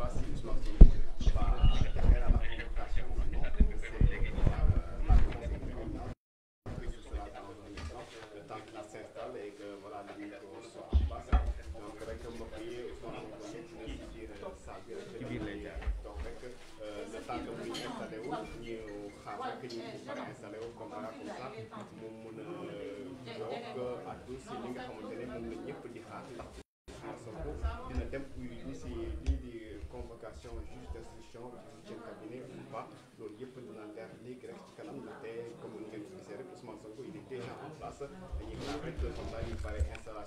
assurance Ousmane Sonko il est déjà en place dañuy xaar a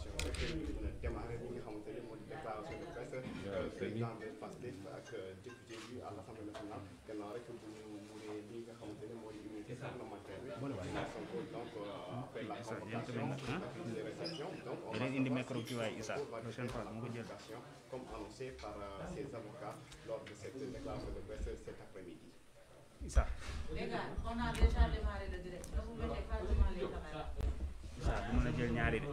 démarrer li nga xamante ne moo di déclaration de presse président de Pastef ak député bi à l'Assemblée nationale gannaaw rek bu ñu munee li nga xamante ne moo di immunité parlementaire bi Ousmane donc après la convocation ak les réceptions donc on va indi micro bi waay Issa prochaine fois mu ko jël comme annoncé par ses avocats de cette déclaration de presse Issa. a déjà démarré du ma la jël ñaari de.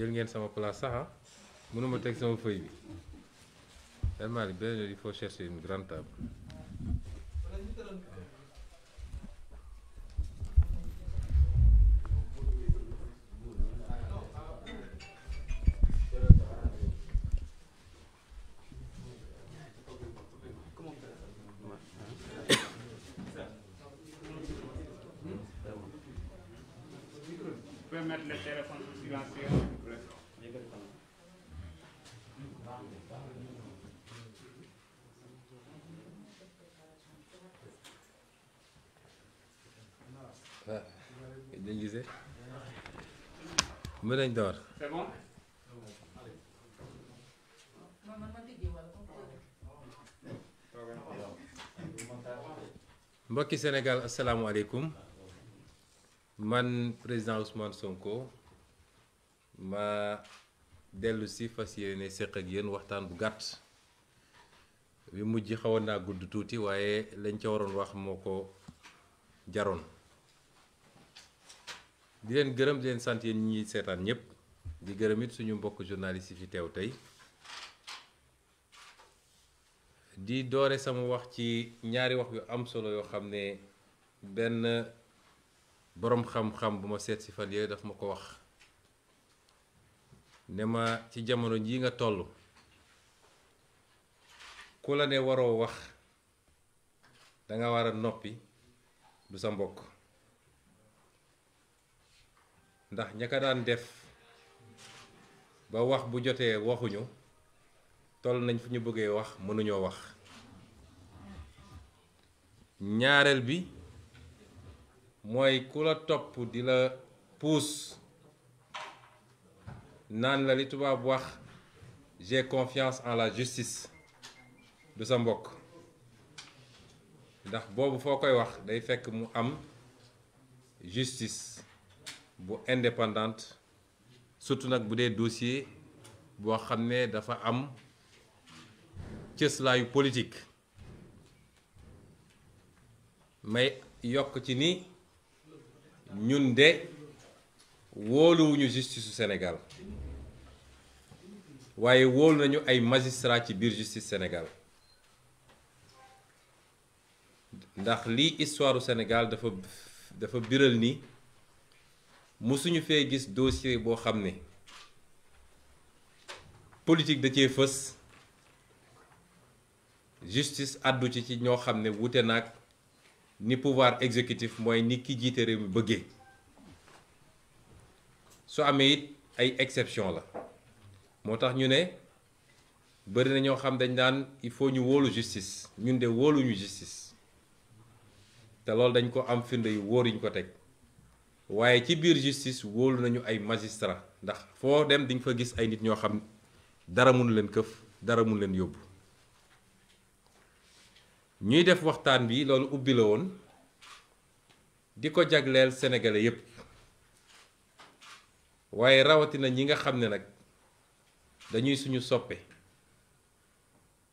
jël ngeen sama place sax ah mënuma teg sama feuille bi tellement li benn il faut chercher une grande table. permettre le téléphone mën nañ door. c'est bon. mbokki Sénégal man président Ousmane Sonko ma dellusi fas yéene séq ak yéen waxtaan bu gàtt bi mujj xawoon naa gudd tuuti waaye lañ ca waroon wax moo ko jaroon. di leen gërëm leen sant yéen ñi seetaan ñëpp di gërëm it suñu mbokk journaliste yi fi teew tey di doore sama wax ci ñaari wax yu am solo yoo xam ne benn boroom xam-xam bu ma seet si fan yooyu daf ma ko wax ne ma ci jamono jii nga toll ku la ne waroo wax danga war a noppi du sa mbokk ndax ña ko daan def ba wax bu jotee waxuñu toll nañ fu ñu bëggee wax mënuñoo wax ñaareel bi mooy ku la topp di la puus naan la li tubaab wax j'ai confiance en la justice du sa mbokk ndax boobu foo koy wax day fekk mu am justice bu indépendante surtout nag bu dee dossier boo xam ne dafa am cëslaayu politique may yokk ci ni ñun de wóoluwuñu justice su waaye wóolu nañu ay magistrat ci biir justice Sénégal ndax lii histoire senegal Sénégal dafa biral ni musuñu fee gis dossier boo xam ne politique da cee fës justice àddu ci ci ñoo xam ne wute nag ni pouvoir exécutif mooy ni ki jiite réew mu bëggee su amee it ay exception la moo tax ñu ne bëri na ñoo xam dañ daan il faut ñu wóolu justice ñun de wóoluñu justice te loolu dañ ko am firnde yu wóor yi ko teg waaye ci biir justice wóolu nañu ay magistrat ndax foo dem di fa gis ay nit ñoo xam dara mun leen këf dara mun leen yóbbu ñuy def waxtaan bi loolu ubbi la woon di ko jagleel sénégalais yépp waaye rawatina ñi nga xam ne nag dañuy suñu soppe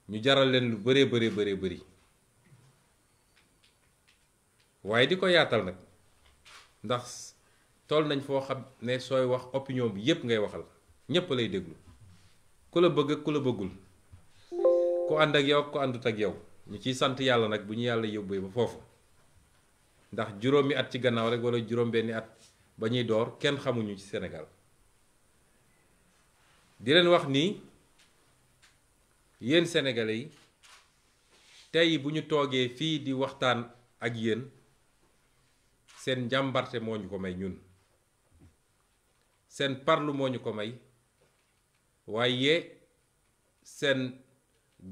ñu jaral leen lu bëree bëree bëree bëri waaye di ko yaatal nag ndax tool nañ foo xam ne sooy wax opinion bi yépp ngay waxal ñépp lay déglu ku la bëgg ak ku la bëggul ku ànd ak yow ku àndut ak yow ñu ciy sant yàlla nag bu ñu yàlla yóbbee ba foofu ndax juróomi at ci gannaaw rek wala juróom benni at ba ñuy door kenn xamuñu ci senegal di leen wax nii yéen sénégalais yi tey bu ñu toogee fii di waxtaan ak yéen seen njàmbarte moo ñu ko may ñun seen parlu moo ñu ko may waaye seen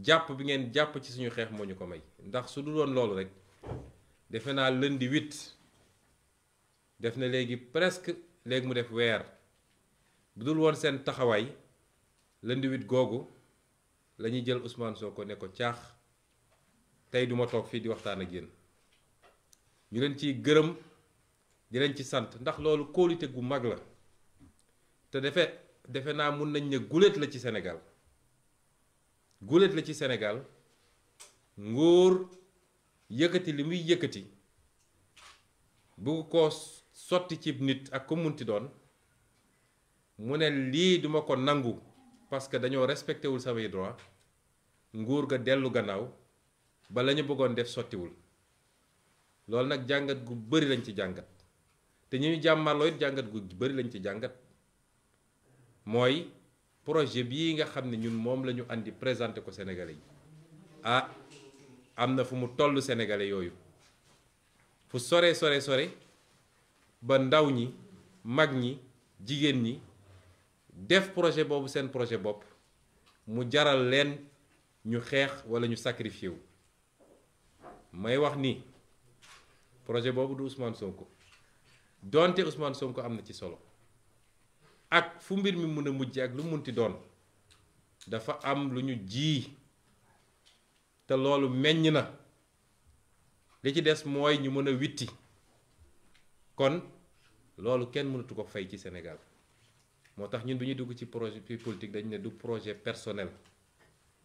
jàpp bi ngeen jàpp ci suñu xeex moo ñu ko may ndax su dul woon loolu rek defe naa lundi huit def na léegi presque léegi mu def weer bu dul woon seen taxawaay lundi huit googu la ñuy jël Ousmane ko ne ko caax tey duma toog fii di waxtaan a yéen ñu leen ciy gërëm di leen ci sant ndax loolu kóolite gu mag la te defe defe naa mun nañ ne guléet la ci senegal guléet la ci senegal nguur yëkkati li muy yëkkati bu ko sotti ci nit ak ko munti doon mu ne lii duma ko nangu parce que dañoo respecté wul samay droit nguur ga dellu gannaaw ba la ñu bëggoon def sottiwul loolu nag jàngat gu bari lañ ci jàngat te ñu jàmmaloo it jàngat gu bëri lañ ci jàngat mooy projet bii nga xam ne ñun moom la ñu andi présenté ko Sénégalais yi ah am na fu mu toll Sénégalais yooyu fu sore sore sore ba ndaw ñi mag ñi jigéen ñi def projet boobu seen projet bopp mu jaral leen ñu xeex wala ñu sacrifié wu may wax ni projet boobu du Ousmane Sonko donte Ousmane ko am na ci solo ak fu mbir mi mun a mujj ak lu munti doon dafa am lu ñu ji te loolu meññ na li ci des mooy ñu mën a witti kon loolu kenn mënatu ko fay ci Sénégal moo tax ñun bu ñuy dugg ci projet politique dañu ne du projet personnel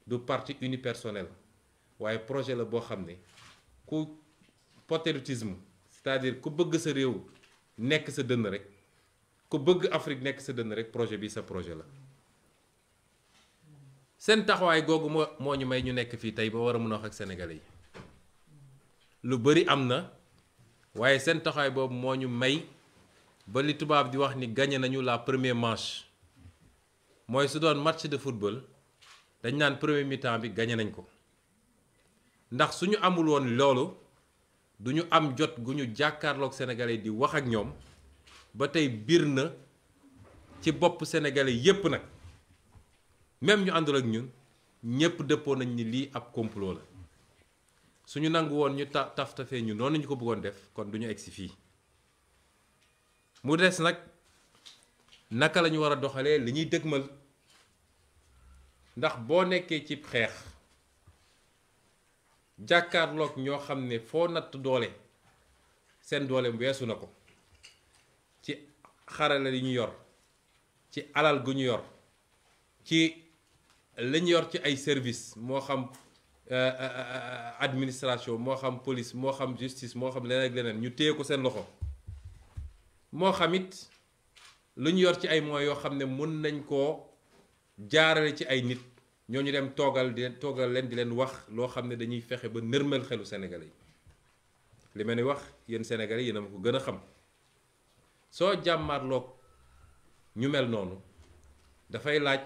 du parti unipersonnel waaye projet la boo xam ne ku patriotisme c'est-à-dire ku bëgg sa réew nekk sa dënn rek ku bëgg Afrique nekk sa dënn rek projet bi sa projet la seen taxawaay googu moo moo ñu may ñu nekk fii tey ba war a mun a wax ak sénégalais yi lu bëri am na waaye seen taxawaay boobu moo ñu may ba li tubaab di wax ni gagné nañu la premier manche mooy su doon match de football dañ naan premier mi bi gagné nañ ko ndax su ñu amul woon loolu. du ñu am jot gu ñu jàkkaarloog sénégalais di wax ak ñoom ba tey biir na ci bopp sénégalais yépp nag même ñu àndul ak ñun ñépp dëppoo nañ ni lii ab complot la suñu nangu woon ñu ta taftafee ñu noonu ñu ko bëggoon def kon du ñu egsi fii mu des nag naka lañu ñu war a doxalee li ñuy dëgmal ndax boo nekkee ci xeex jàkkaarloog ñoo xam ne foo natt doole seen doole weesu na ko ci xarala yi ñu yor ci alal gu ñu yor ci li ñu yor ci ay service moo xam euh, euh, euh, administration moo xam police moo xam justice moo xam leneen ak leneen ñu téye ko seen loxo moo xam it lu ñu yor ci ay moyens yoo xam ne mun nañ koo jaarale ci ay nit ñoo ñu dem toogal di toogal leen di leen wax loo xam ne dañuy fexe ba nërmal xelu Sénégalais yi li ma ni wax yéen Sénégalais yéen a ma ko gën a xam soo jàmmaarloog ñu mel noonu dafay laaj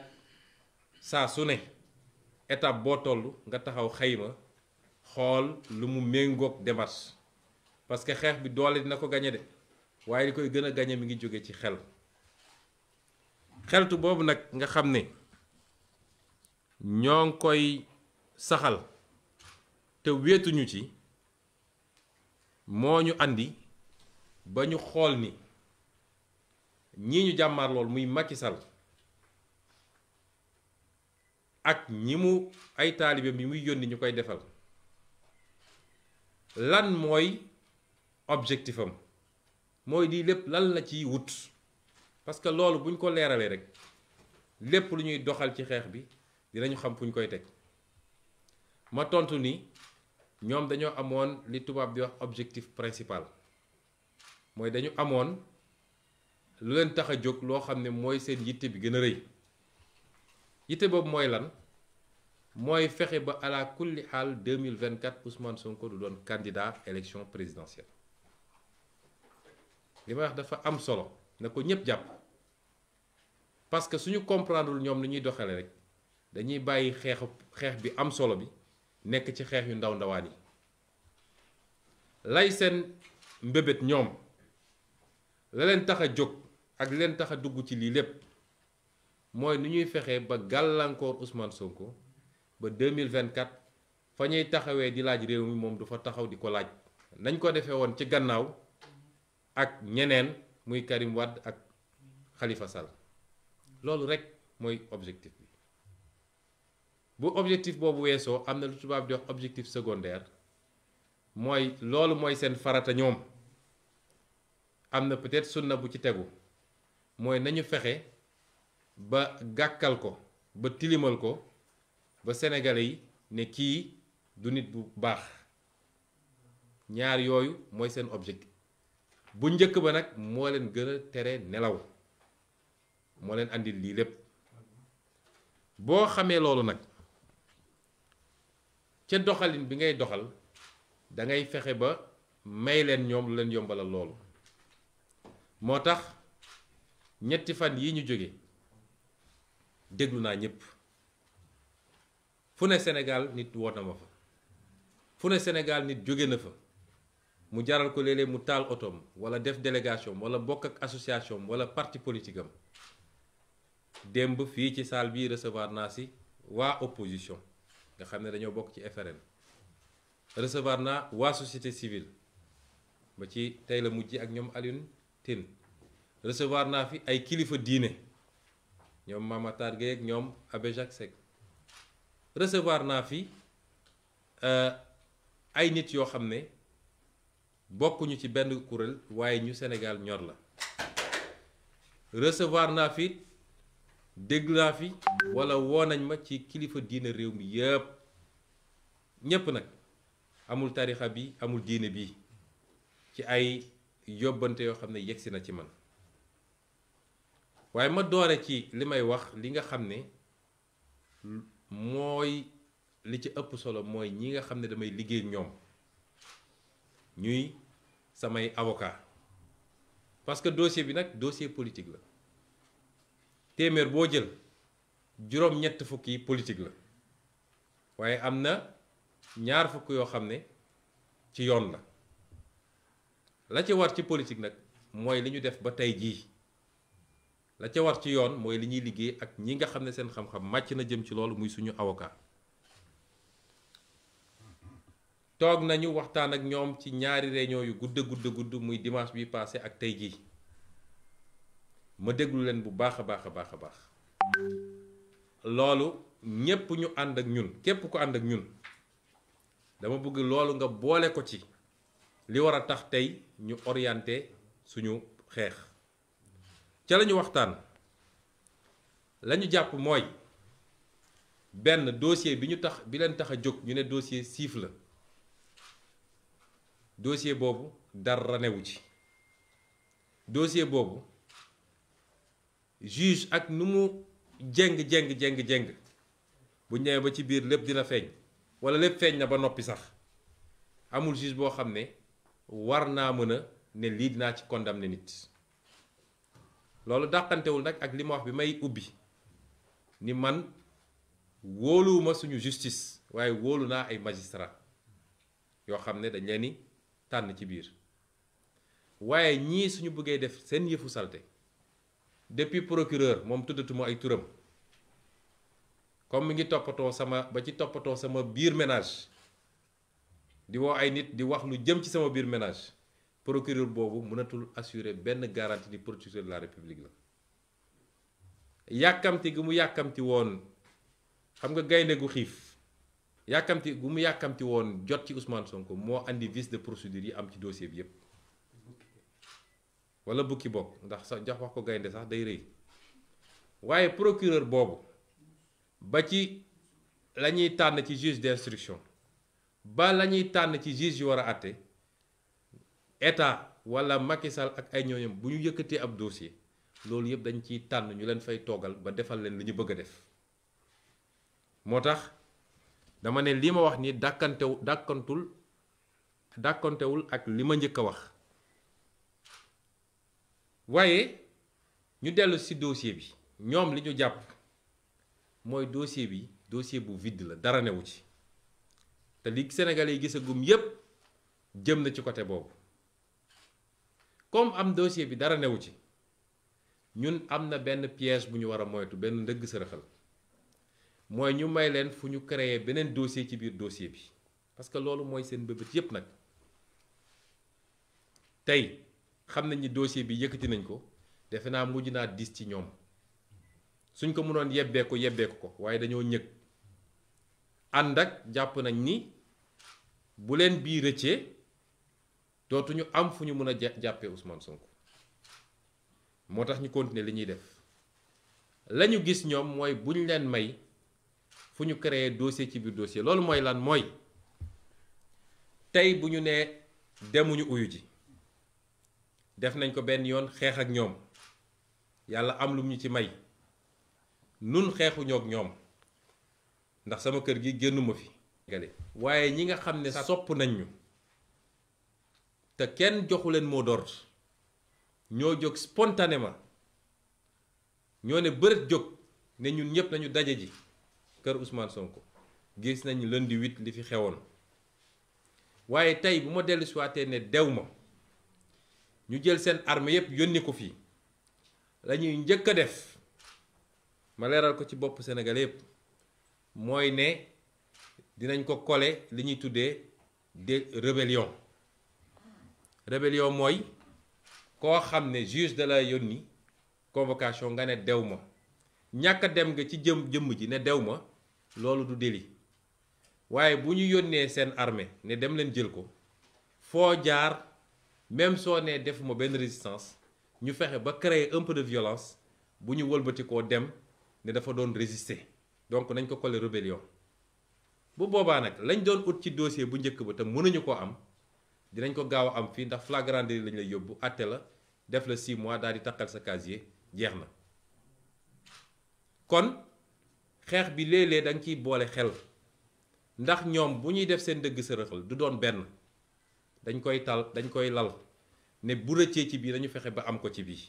saa su ne étape boo toll nga taxaw xayma xool lu mu méngook démarche parce que xeex bi doole dina ko gañe de waaye li koy gën a gañe mi ngi jóge ci xel xeltu boobu nag nga xam ne. ñoo koy saxal te wéetuñu ci moo ñu andi ba ñu xool ni ñii ñu jàmmaar lool muy Macky Sall ak ñi mu ay taalibeem yi muy yónni ñu koy defal lan mooy objectif mooy dii lépp lan la ciy wut parce que loolu buñ ko leeralee rek lépp lu ñuy doxal ci xeex bi dinañu xam fu ñu koy teg ma tontu ni ñoom dañoo amoon li tubaab bi wax objectif principal mooy dañu amoon lu leen tax a jóg loo xam ne mooy seen yitte bi gën a rëy yitte boobu mooy lan mooy fexe ba ala kulli xaal 2024 Ousmane Sonko du doon candidat élection présidentielle li ma wax dafa am solo na ko ñëpp jàpp parce que suñu comprendrewul ñoom lu ñuy doxale rek. dañuy bàyyi xeexu xeex bi am solo bi nekk ci xeex yu ndaw ndawaan yi lay seen mbébét ñoom la leen tax a jóg ak leen tax a dugg ci lii lépp mooy nu ñuy fexe ba gàllankoor Ousmane Sonko ba 2024 fa ñuy taxawee di laaj réew mi moom du fa taxaw di ko laaj nañ ko defee woon ci gannaaw ak ñeneen muy Karim Wade ak xalifa Sall loolu rek mooy objectif bu objectif boobu weesoo am na lu tubaab jox objectif secondaire mooy loolu mooy seen farata ñoom am na peut-être sunna bu ci tegu mooy nañu fexe ba gàkkal ko ba tilimal ko ba sénégalais yi ne kii du nit bu baax ñaar yooyu mooy seen objectif bu njëkk ba nag moo leen gën a tere nelaw moo leen indi lii lépp boo xamee loolu nag ca doxalin bi ngay doxal dangay fexe ba may leen ñoom lu leen yombalal loolu moo tax ñetti fan yi ñu jóge déglu naa ñépp fu ne Sénégal nit woo na ma fa fu ne Sénégal nit jóge na fa mu jaral ko léeg mu taal otoom wala def délégation walla bokk ak association wala parti politikam am démb fii ci salle bii recevoir naa si waa opposition nga xam ne dañoo bokk ci FRN recevoir naa waa société civile ba ci tey la mujj ak ñoom Alioune Tine recevoir naa fi ay kilifa diine ñoom Mame Matar ak ñoom Abbé Jacques Seck naa fi euh, ay nit yoo xam ne bokkuñu ci benn kuréel waaye ñu Sénégal ñor la recevoir naa fi dégg naa fi wala woo nañ ma ci kilifa diine réew mi yëpp ñépp nag amul tarixa bi amul diine bi ci ay yóbbante yoo xam ne yegsi na ci man waaye ma doore ci li may wax li nga xam ne mooy li ci ëpp solo mooy ñi nga xam ne damay liggéey ñoom ñuy samay avocat parce que dossier bi nag dossier politique la téeméer boo jël juróom-ñett fukk yi la waaye am na ñaar fukk yoo xam ne ci yoon la la ci war ci politique nag mooy li ñu def ba tey jii la ca war ci yoon mooy li ñuy liggéey ak ñi nga xam ne seen xam-xam màcc na jëm ci loolu muy suñu avocat toog nañu waxtaan ak ñoom ci ñaari réunion yu gudd gudd gudd muy dimanche bi passé ak tey jii ma déglu leen bu baax a baax a baax a baax loolu ñépp ñu ànd ak ñun képp ko ànd ak ñun dama bëgg loolu nga boole ko ci li war a tax tey ñu orienté suñu xeex ca lañu waxtaan la ñu jàpp mooy benn dossier bi ñu tax bi leen tax a jóg ñu ne dossier siif la dossier boobu dara newu ci dossier boobu juge ak nu mu jeng jéng jéng jeng bu ñëwee ba ci biir lépp dina feeñ wala lépp feeñ na ba noppi sax amul juge boo xam ne war naa mën a ne lii dinaa ci condamné nit loolu dàqantewul nag ak li ma wax bi may ubbi ni man wóoluwuma suñu justice waaye wóolu naa ay magistrat yoo xam ne dañ leen ni tànn ci biir waaye ñii suñu bëggee def seen yëfu salte depuis procureur moom tuddatuma ay turam comme mi ngi toppatoo sama ba ci toppatoo sama biir ménage di woo ay nit di wax lu jëm ci sama biir ménage procureur boobu mënatul assurer benn garantie ni procureur la république la yàkkamti gu mu yàkkamti woon xam nga gaynde gu xiif yàkkamti gu mu yàkkamti woon jot ci Ousmane Sonko moo indi vice de procédure yi am ci dossier bi yépp wala bukki bokk ndax sa jox wax ko gaynde sax day rëy waaye procureur boobu ba ci lañuy tànn ci juge d'instruction ba la ñuy tànn ci juge yu war a àtte état walla Macky Sall ak ay ñooñam bu ñu yëkkatee ab dossier loolu yëpp dañ ciy tànn ñu leen fay toggal ba defal leen li ñu bëgg a def moo tax dama ne li ma wax ni dàkkantew dàkkantul dàkkantewul ak li ma njëkk a wax waaye ñu dellu ci dossier bi ñoom li ñu jàpp mooy dossier bi dossier bu vidde la dara newu ci te li Sénégalais yi gisagum yépp jëm na ci côté boobu comme am dossier bi dara newu ci ñun am na benn piège bu ñu war a moytu benn ndëgg sërëxal mooy ñu may leen fu ñu créer beneen dossier ci biir dossier bi parce que loolu mooy seen bëbët yépp nag tey xam nañ ni dossier bi yëkkati nañ ko defe naa mujj naa dis ci ñoom suñ ko mënoon yebbeeku ko yebbeeku ko waaye dañoo ñëg ànd ak jàpp nañ ni bu leen biir rëccee dootuñu am fu ñu mën a jàppee Ousmane Sonko moo tax ñu continuer li ñuy def la ñu gis ñoom mooy bu ñu leen may fu ñu créer dossier ci biir dossier loolu mooy lan mooy tey bu ñu nee demuñu uyu ji def nañ ko benn yoon xeex ak ñoom yàlla am lu ñu ci may nun xeexuñoo ak ñoom ndax sama kër gi génnuma fi waaye ñi nga xam ne sopp nañ ñu te kenn joxu leen moo door ñoo jóg ma ñoo ne bërët jóg ne ñun ñëpp nañu daje ji kër Ousmane Sonko gis nañu lundi 8 li fi xewoon waaye tey bu ma dellu si ne dew ma ñu jël seen arme yépp yónni ko fii lañuy njëkk a def ma leeral ko ci bopp Sénégal yépp mooy ne dinañ ko kole li ñuy tuddee de rebelion rébellion mooy koo xam ne juge da la yónni convocation nga ne dew ma ñàkk dem nga ci jëm jëmm ji ne dew ma loolu du délit waaye bu ñu yónnee seen arme ne dem leen jël ko foo jaar même soo nee defuma benn résistance ñu fexe ba créer un de violence bu ñu wëlbatikoo dem ne dafa doon résister donc nañ ko coller rébellion bu boobaa nag lañ doon ut ci dossier bu njëkk ba te mënuñu ko am dinañ ko gaaw a am fii ndax flagrant délit lañ lay yóbbu àtte la def la 6 mois daal di taqal sa casier jeex na kon xeex bi léeg-léeg da ciy boole xel ndax ñoom bu ñuy def seen dëgg sa du doon benn dañ koy tal dañ koy lal ne bu rëccee ci biir dañu fexe ba am ko ci bii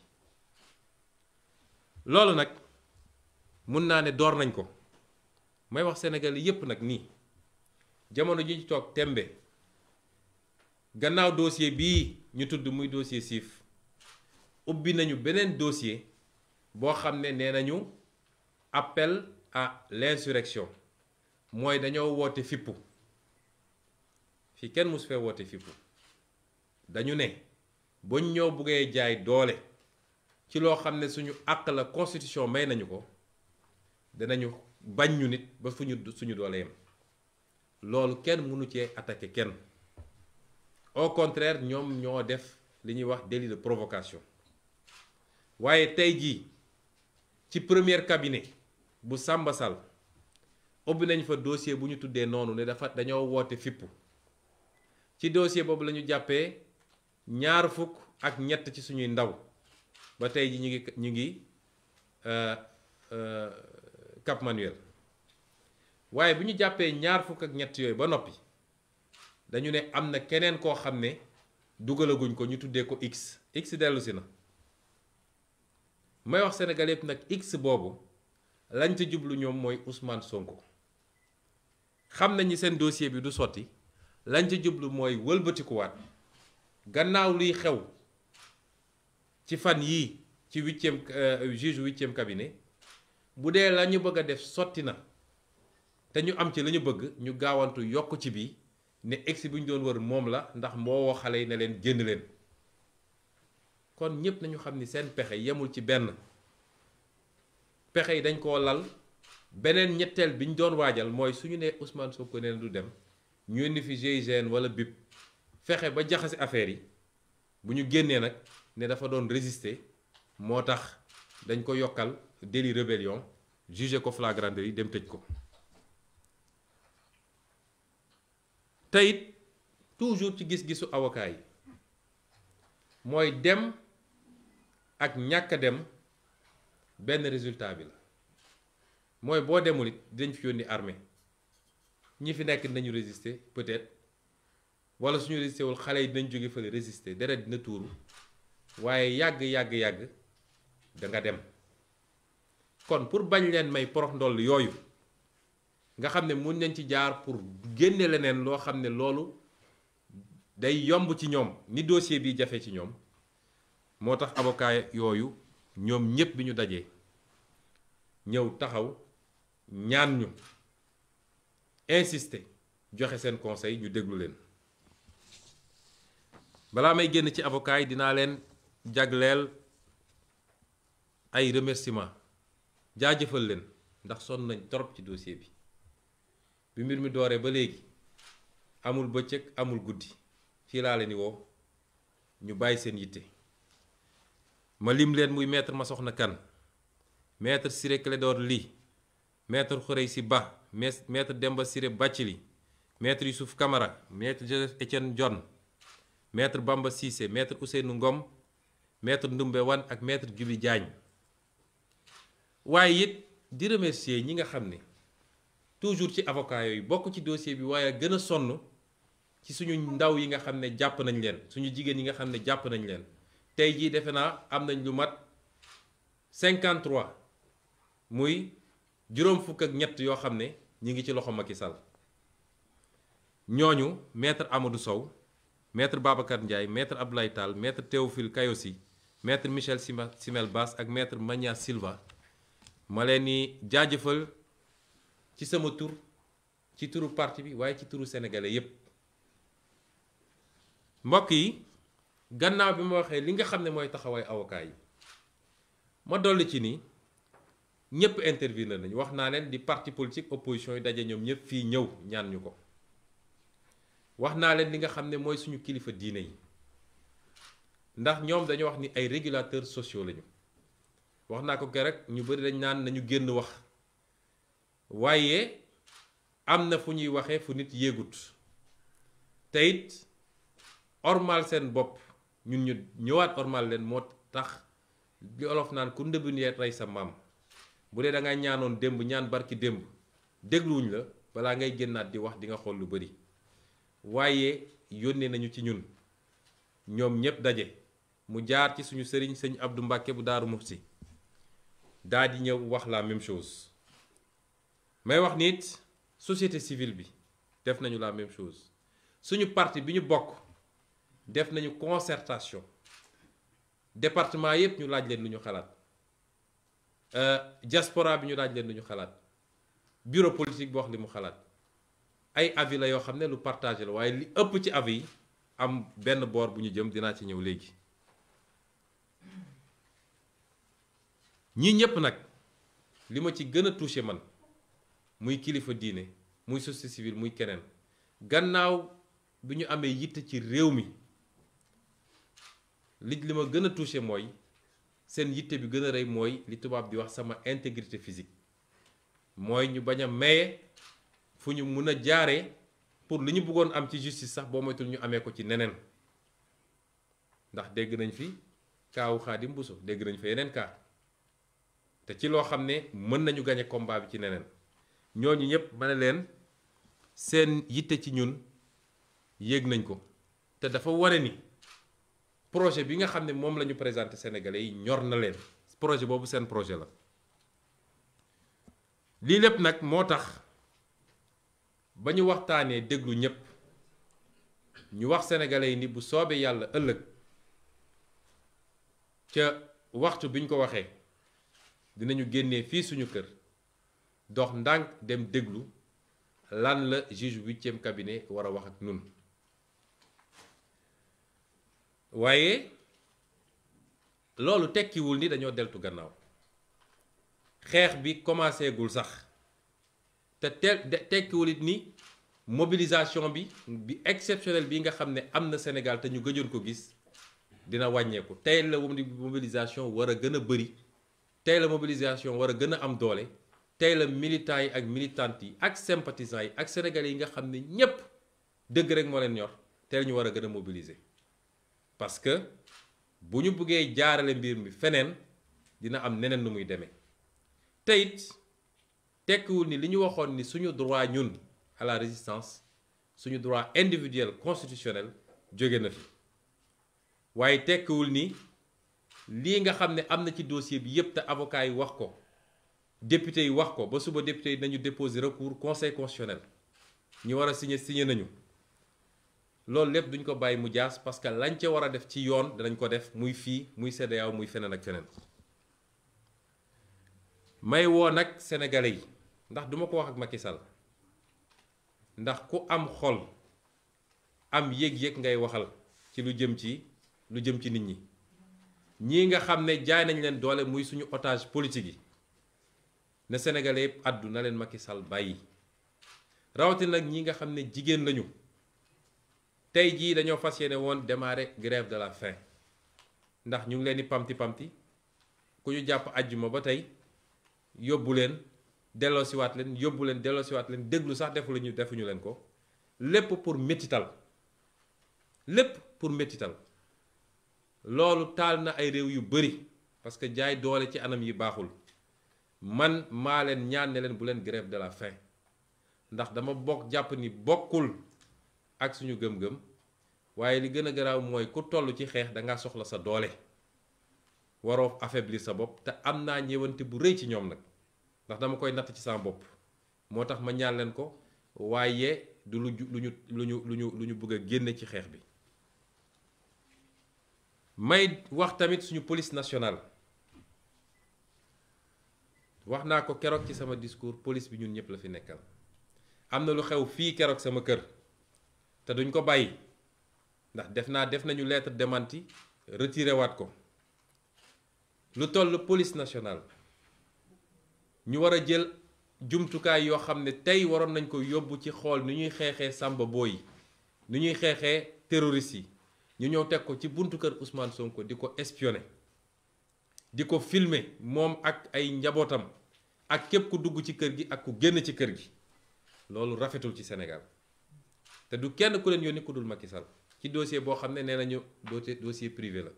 loolu nag mun naa ne door nañ ko may wax Sénégal yépp nag nii jamono ji ñu toog tembe gannaaw dossier bii ñu tudd muy dossier siif ubbi nañu beneen dossier boo xam ne nee nañu appel à l'insurrection mooy dañoo woote fippu fii kenn mosu fee woote fippu dañu ne bañ ñoo buggee jaay doole ci loo xam ne suñu àq la constitution may nañu ko dinañu bañ ñu nit ba fu suñu doole yam loolu kenn mënu cee attaque kenn au contraire ñoom ñoo def li ñuy wax délit de provocation waaye tey jii ci première cabinet bu Samba Sall ubbi nañ fa dossier bu ñu tuddee noonu ne dafa dañoo woote fippu ci dossier boobu la ñu jàppee ñaar fukk ak ñett ci suñuy ndaw ba tey ji ñu ngi ñu ngi euh, euh, Cap Manuel waaye bu ñu jàppee ñaar fukk ak ñett yooyu ba noppi dañu ne am na keneen koo xam ne dugalaguñ ko ñu tuddee ko x x dellusi na may wax sénégalais nag x boobu lañ ca jublu ñoom mooy Ousmane Sonko xam nañ ni seen dossier bi du sotti lañ ca jublu mooy wëlbatikuwaat gannaaw luy xew ci fan yii ci huitième euh, juge huitième cabinet bu dee la ñu bëgg a def sotti na te ñu am ci la ñu bëgg ñu gaawantu yokk ci bii ne egsi bu ñu doon wër moom la ndax moo woo xale yi ne leen génn leen kon ñépp nañu xam ni seen pexe yemul ci benn pexe yi dañ koo lal beneen ñetteel bi ñu doon waajal mooy suñu ne Ousmane Sonko neen du dem ñu indi fi GIGN wala BIP fexe ba jaxase affaire yi bu ñu génnee nag ne dafa doon résister moo tax dañ ko yokkal délit rébellion jugé ko flagrant délit dem tëj ko teyit toujours ci gis-gisu avocat yi mooy dem ak ñàkk dem benn résultat bi la mooy boo demul it dinañ fi yónni armée ñi fi nekk nañu résister peut-être wala suñu résisté wul xale yi dinañ jóge fële résister deret dina tuuru waaye yàgg yàgg yàgg da nga dem kon pour bañ leen may porox ndoll yooyu nga xam ne mun nañ ci jaar pour génne leneen loo xam ne loolu day yomb ci ñoom ni dossier bi jafe ci ñoom moo tax avocat yooyu ñoom ñépp bi ñu dajee ñëw taxaw ñaan ñu insister joxe seen conseil ñu déglu leen balaa may génn ci avocat dinaa leen jagleel ay remerciement jaajëfal leen ndax sonn nañ torop ci dossier bi bi mbir mi dooree ba léegi amul bëccëg amul guddi fii laa leen di woo ñu bàyyi seen yitte ma lim leen muy ma soxna kan Kane maître Ciré Clédor Ly maître si Ba maître Demba Ciré Bathily maître Youssouf Camara maître Joseph Étienne Dione maître Bamba Cissé maître Ousseynou Ngom maître Ndumbe Wan ak maître Djibi jaañ waaye it di remercier ñi nga xam ne toujours ci avocat yooyu bokk ci dossier bi waaye gën a sonn ci suñu ndaw yi nga xam ne jàpp nañ leen suñu jigéen yi nga xam ne jàpp nañ leen tey jii defe naa am nañ lu mat 53 muy juróom fukk ak ñett yoo xam ne ñi ngi ci loxo Macky Sall ñooñu maître Amadou Sow maître Babacar Ndiaye maître Abdoulaye Tall maître Théophile Kayosi maître Michel Simel Bass ak maître Magna Silva ma leen ni jaajëfal ci sama tur ci turu parti bi waaye ci turu sénégalais yépp mbokk yi gannaaw bi ma waxee li nga xam ne mooy taxawaay avocat yi ma dolli ci ni ñépp intervenir nañu wax naa leen di parti politique opposition yi daje ñoom ñépp fii ñëw ñaan ñu ko wax naa leen li nga xam ne mooy suñu kilifa diine yi ndax ñoom dañu wax ni ay régulateurs sociaux lañu wax naa ko ke ñu bari dañ naan nañu génn wax waaye am na fu ñuy waxee fu nit yéegut te it ormal seen bopp ñun ñu ñëwaat ormal leen moo tax li olof naan ku ndëbin yee rey sa maam bu dee da nga ñaanoon démb ñaan barki démb dégluwuñ la balaa ngay génnaat di wax di nga xool lu bari waaye yónnee nañu ci ñun ñoom ñëpp daje mu jaar ci suñu sëriñ sëñ abdu Mbàkke bu Daaru Muxti daa di ñëw wax la même chose may wax nit société civile bi def nañu la même chose suñu parti bi ñu bokk def nañu concertation département yépp ñu laaj leen lu ñu xalaat euh, diaspora bi ñu laaj leen lu ñu xalaat bureau politique bi wax li mu xalaat ay avis yoo xam ne lu partagé la waaye li ëpp ci avis yi am benn boor bu ñu jëm dinaa ci ñëw léegi ñii ñëpp nag li ma ci gën a touché man muy kilifa diine muy société civile muy keneen gannaaw bi ñu amee yitte ci réew mi li li ma gën a touché mooy seen yitte bi gën a rëy mooy li tubaab di wax sama intégrité physique mooy ñu bañ a maye fu ñu mun a jaaree pour li ñu bëggoon am ci justice sax boo moytul ñu amee ko ci neneen ndax dégg nañ fi kaawu Xaadim Bousso dégg nañ fa yeneen kaa te ci loo xam ne mën nañu gañe combat bi ci neneen ñooñu ñëpp mëne leen seen yitte ci ñun yéeg nañ ko te dafa ware ni projet bi nga xam ne moom lañu ñu présenté yi ñor na leen projet boobu seen projet la lii lépp nag moo tax ba ñu waxtaanee déglu ñépp ñu wax sénégalais yi ni bu soobee yàlla ëllëg ca waxtu bi ñu ko waxee dinañu génnee fii suñu kër dox ndànk dem déglu lan la juge huitième kabine war a wax ak nun waaye loolu tekkiwul ni dañoo deltu gannaaw xeex bi commencé gul sax te te tekkiwul it ni mobilisation bi bi exceptionnelle bi nga xam ne am na Sénégal te ñu gëjoon ko gis dina wàññeeku tey la mobilisation war a gën a bëri tey la mobilisation war a gën a am doole tey la militants yi ak militantes yi ak sympathisants yi ak sénégalais yi nga xam ne ñépp dëgg rek moo leen ñor tey ñu war a gën a mobiliser parce que bu ñu buggee jaarale mbir mi feneen dina am neneen lu muy demee teyit tekkiwul ni li ñu waxoon ni suñu droit ñun à la résistance suñu droit individuel constitutionnel jóge na fi waaye tekkiwul ni lii nga xam ne am na ci dossier bi yépp te avocat yi wax ko député yi wax ko ba suba député yi nañu déposer recours conseil constitutionnel ñu war a signé signé nañu loolu lépp duñ ko bàyyi mu jaas parce que lañ ca war a def ci yoon danañ ko def muy fii muy CEDEAO muy feneen ak feneen may woo nag sénégalais yi ndax duma ko wax ak Macky Sall ndax ku am xol am yéeg yéeg ngay waxal ci lu jëm ci lu jëm ci nit ñi ñii nga xam ne jaay nañ leen doole muy suñu otage politique yi ne sénégalais yëpp addu na leen Macky Sall bàyyi rawatina nag ñi nga xam ne jigéen lañu tey jii dañoo fas yéene woon démarrer grève de la faim ndax ñu ngi leen di pamti pamti ku ñu jàpp àjjuma ba tey yóbbu leen delloosiwaat leen yóbbu leen delloosiwaat leen déglu sax defu ñu defuñu leen ko lépp pour métital lépp pour métital loolu taal na ay réew yu bëri parce que jaay doole ci anam yi baaxul man maa leen ñaan leen bu leen grève de la faim ndax dama bokk jàpp ni bokkul ak suñu gëm-gëm waaye li gën a garaaw mooy ku tollu ci xeex danga soxla sa doole waroo affaiblir sa bopp te am naa ñëwante bu rëy ci ñoom nag. ndax dama koy natt ci sama bopp moo tax ma ñaan leen ko waaye du lu lu ñu lu ñu lu ñu lu ñu bëgg a génne ci xeex bi may wax tamit suñu police nationale wax naa ko keroog ci sama discours police bi ñun ñëpp la fi nekkal am na lu xew fii keroog sama kër te duñ ko bàyyi ndax def naa def nañu lettre démenti retiré waat ko lu toll police nationale ñu war a jël jumtukaay yoo xam ne tey waroon nañ ko yóbbu ci xool ni ñuy xeexee sàmba booy yi ni ñuy xeexee terroriste yi ñu ñëw teg ko ci buntu kër Ousmane Sonko di ko espionné di ko filmer moom ak ay njabootam ak képp ku dugg ci kër gi ak ku génn ci kër gi loolu rafetul ci Sénégal te du kenn ku leen yónni ku dul Macky Sall ci dossier boo xam ne nee nañu doote dossier privé la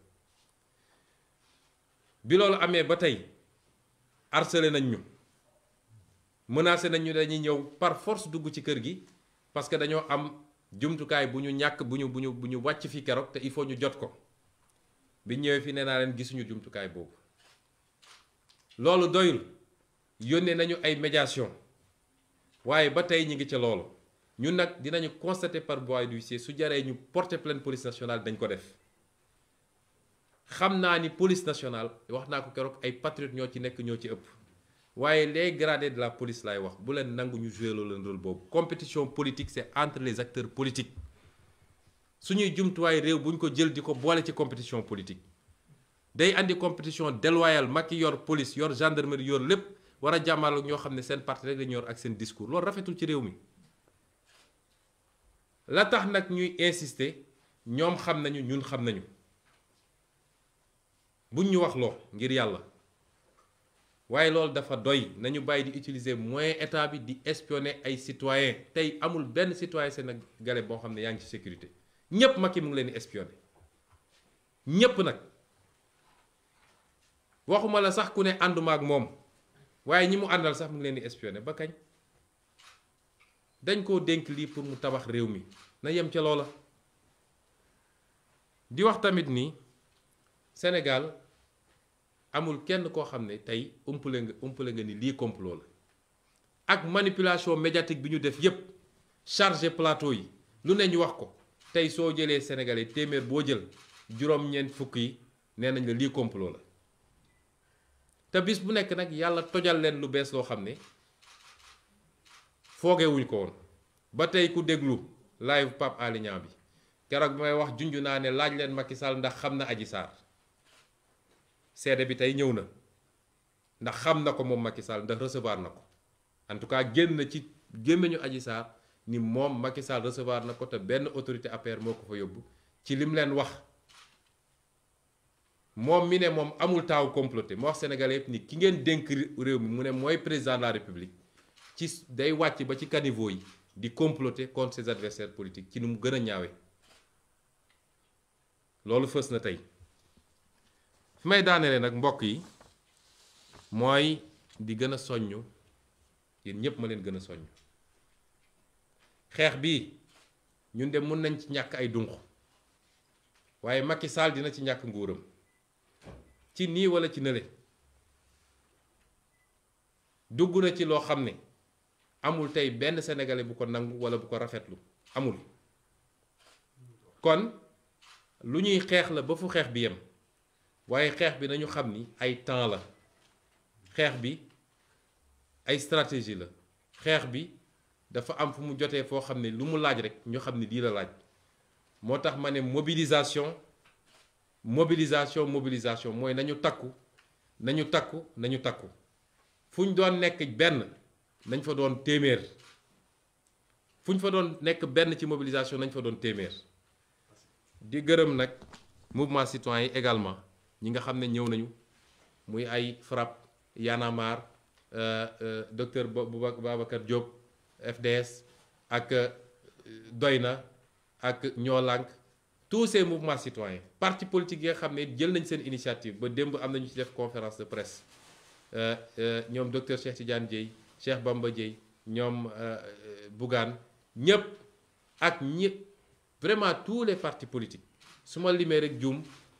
bi loolu amee ba tey harcelé nañ ñu menacé nañ ñu dañuy ñëw par force dugg ci kër gi parce que dañoo am jumtukaay bu ñu ñàkk bu ñu bu ñu bu ñu wàcc fii keroog te il faut ñu jot ko bi ñëwee fii nee naa leen gisuñu jumtukaay boobu. loolu doyul yónnee nañu ay médiation waaye ba tey ñi ngi ca loolu ñun nag dinañu constater par voie d'huissier su jaree ñu porte plainte police nationale dañ ko def xam naa ni police nationale wax naa ko keroog ay patriotes ñoo ci nekk ñoo ci ëpp. waaye les gradés de la police lay wax bu leen nangu ñu joué leen rôle boobu compétition politique c'est entre les acteurs politiques suñuy jumtuwaay réew bu ñu ko jël di ko boole ci compétition politique day indi compétition déloyale Macky yor police yor gendarmerie yor lépp war a jàmmaarloo ñoo xam ne seen parti rek ak seen discours loolu rafetul ci réew mi la tax nag ñuy insister ñoom xam nañu ñun xam nañu bu ñu wax loo ngir yàlla waaye loolu dafa doy nañu bàyyi di utiliser moyen état bi di espionner ay citoyen tey amul benn citoyen sénégalais boo xam ne yaa ngi ci sécurité ñépp Macky mu ngi leen di espionner ñépp nag waxuma la sax ku ne ànduma ak moom waaye ñi mu àndal sax mu ngi leen di espionner ba kañ dañ koo dénk lii pour mu tabax réew mi na yem ca loola di wax tamit nii Sénégal amul kenn koo xam ne tey umple nga umpale nga ni lii complot la ak manipulation médiatique bi ñu def yépp chargé plateau yi lu ne ñu wax ko tey soo jëlee sénégalais téeméer boo jël juróom-ñeent fukk yi nee nañ la lii complot la te bu nekk nag yàlla tojal leen lu bees loo xam ne foogewuñ ko woon ba tey ku déglu live Pape Alé bi keroog bi may wax junj naa ne laaj leen Macky ndax xam na aji Sarr seede bi tey ñëw na ndax xam na ko moom Macky Sall ndax recevoir na ko en tout cas génn ci ñu Adji Sarr ni moom Macky Sall recevoir na ko te benn autorité APR moo ko fa yóbbu ci li mu leen wax moom mi ne moom amul taaw comploté moo wax sénégalais yëpp ni ki ngeen dénk réew mi mu ne mooy président la république ci day wàcc ba ci caniveau yi di comploter contre ses adversaires politiques ci nu mu gën a ñaawe loolu fës na tey fi may daanelee nag mbokk yi mooy di gën a soññ yéen ñëpp ma leen gën a soññ xeex bi ñun de mun nañ ci ñàkk ay dunq waaye Macky Sall dina ci ñàkk nguuram ci nii walla ci nële dugg na ci loo xam ne amul tey benn sénégalais bu ko nangu wala bu ko rafetlu amul kon lu ñuy xeex la ba fu xeex bi yem. waaye xeex bi nañu xam ni ay temps la xeex bi ay stratégie la xeex bi dafa am fu mu jotee foo xam ne lu mu laaj rek ñu xam ni lii la laaj moo tax ma ne mobilisation mobilisation mobilisation mooy nañu takku nañu takku nañu takku fu ñu doon nekk benn nañ fa doon téeméer fu ñu fa doon nekk benn ci mobilisation nañ fa doon téeméer di gërëm nag mouvement citoyen yi également ñi nga xam ne ñëw nañu muy ay FRAPP Y'en a marre euh, euh, docteur Babacar Diop FDS ak euh, Doyna ak Ñoo Lank tous ces mouvements citoyens parti politique yi nga xam ne jël nañ seen initiative ba démb am nañu ci def conférence de presse ñoom docteur Cheikh Tidiane Dieye Cheikh Bamba Dieye ñoom Bougane ñëpp ak ñi vraiment tous les partis politiques su ma limee rek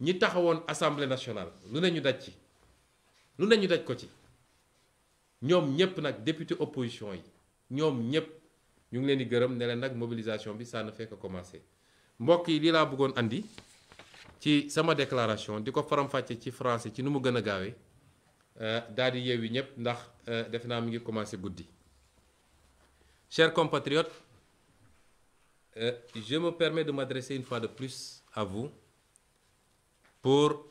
ñi taxawoon assemblée nationale lu ne ñu daj ci lu ne ñu daj ko ci ñoom ñëpp nag député opposition yi ñoom ñëpp ñu ngi leen di gërëm ne leen nag mobilisation bi ça ne fait commencer mbokk yi lii laa bëggoon andi ci sama déclaration di ko faram-fàcce ci français ci nu mu gën a gaawee euh, daal di yeewi ñëpp ndax euh, defe naa mi ngi commencer guddi. Chers compatriotes, euh, je me permets de m'adresser une fois de plus à vous. pour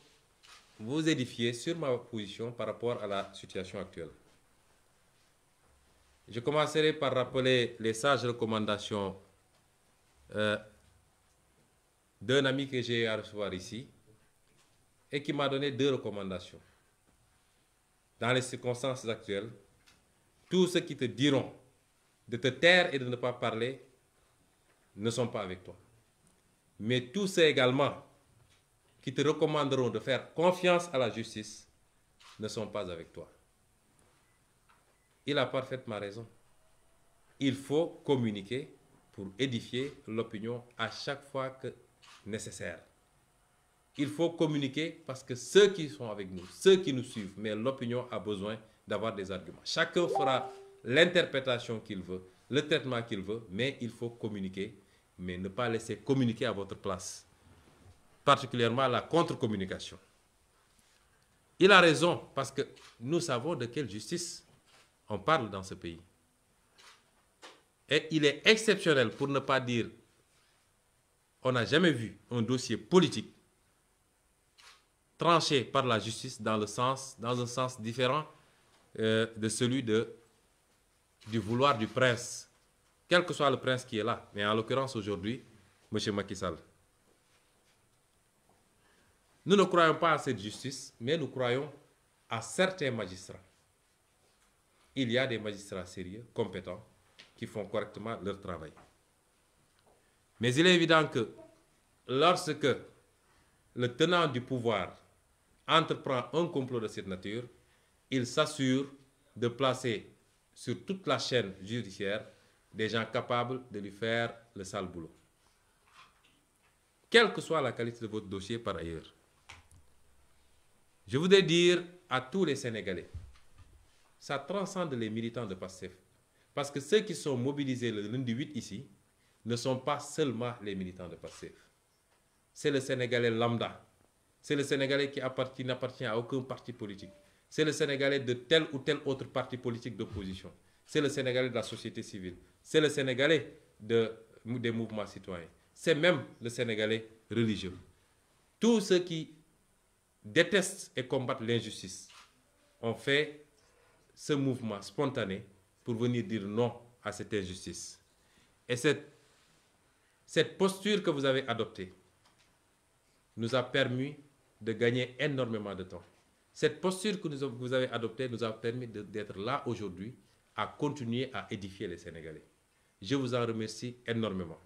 vous édifier sur ma position par rapport à la situation actuelle. Je commencerai par rappeler les sages recommandations euh, d'un ami que j'ai à recevoir ici et qui m'a donné deux recommandations. Dans les circonstances actuelles, tous ceux qui te diront de te taire et de ne pas parler ne sont pas avec toi. Mais tous ceux également qui te recommanderont de faire confiance à la justice ne sont pas avec toi. Il a parfaitement raison. Il faut communiquer pour édifier l'opinion à chaque fois que nécessaire. Il faut communiquer parce que ceux qui sont avec nous, ceux qui nous suivent, mais l'opinion a besoin d'avoir des arguments. Chacun fera l'interprétation qu'il veut, le traitement qu'il veut, mais il faut communiquer, mais ne pas laisser communiquer à votre place particulièrement la contre-communication. Il a raison parce que nous savons de quelle justice on parle dans ce pays. Et il est exceptionnel, pour ne pas dire, on n'a jamais vu un dossier politique tranché par la justice dans, le sens, dans un sens différent euh, de celui de, du vouloir du prince, quel que soit le prince qui est là, mais en l'occurrence aujourd'hui, M. Nous ne croyons pas à cette justice, mais nous croyons à certains magistrats. Il y a des magistrats sérieux, compétents, qui font correctement leur travail. Mais il est évident que lorsque le tenant du pouvoir entreprend un complot de cette nature, il s'assure de placer sur toute la chaîne judiciaire des gens capables de lui faire le sale boulot. Quelle que soit la qualité de votre dossier par ailleurs, Je voudrais dire à tous les Sénégalais, ça transcende les militants de PASTEF. Parce que ceux qui sont mobilisés le lundi 8 ici ne sont pas seulement les militants de PASTEF. C'est le Sénégalais lambda. C'est le Sénégalais qui appartient, n'appartient à aucun parti politique. C'est le Sénégalais de tel ou tel autre parti politique d'opposition. C'est le Sénégalais de la société civile. C'est le Sénégalais de, des mouvements citoyens. C'est même le Sénégalais religieux. détestent et combattent l'injustice ont fait ce mouvement spontané pour venir dire non à cette injustice. Et cette, cette posture que vous avez adoptée nous a permis de gagner énormément de temps. Cette posture que, nous, que vous avez adoptée nous a permis d'être là aujourd'hui à continuer à édifier les Sénégalais. Je vous en remercie énormément.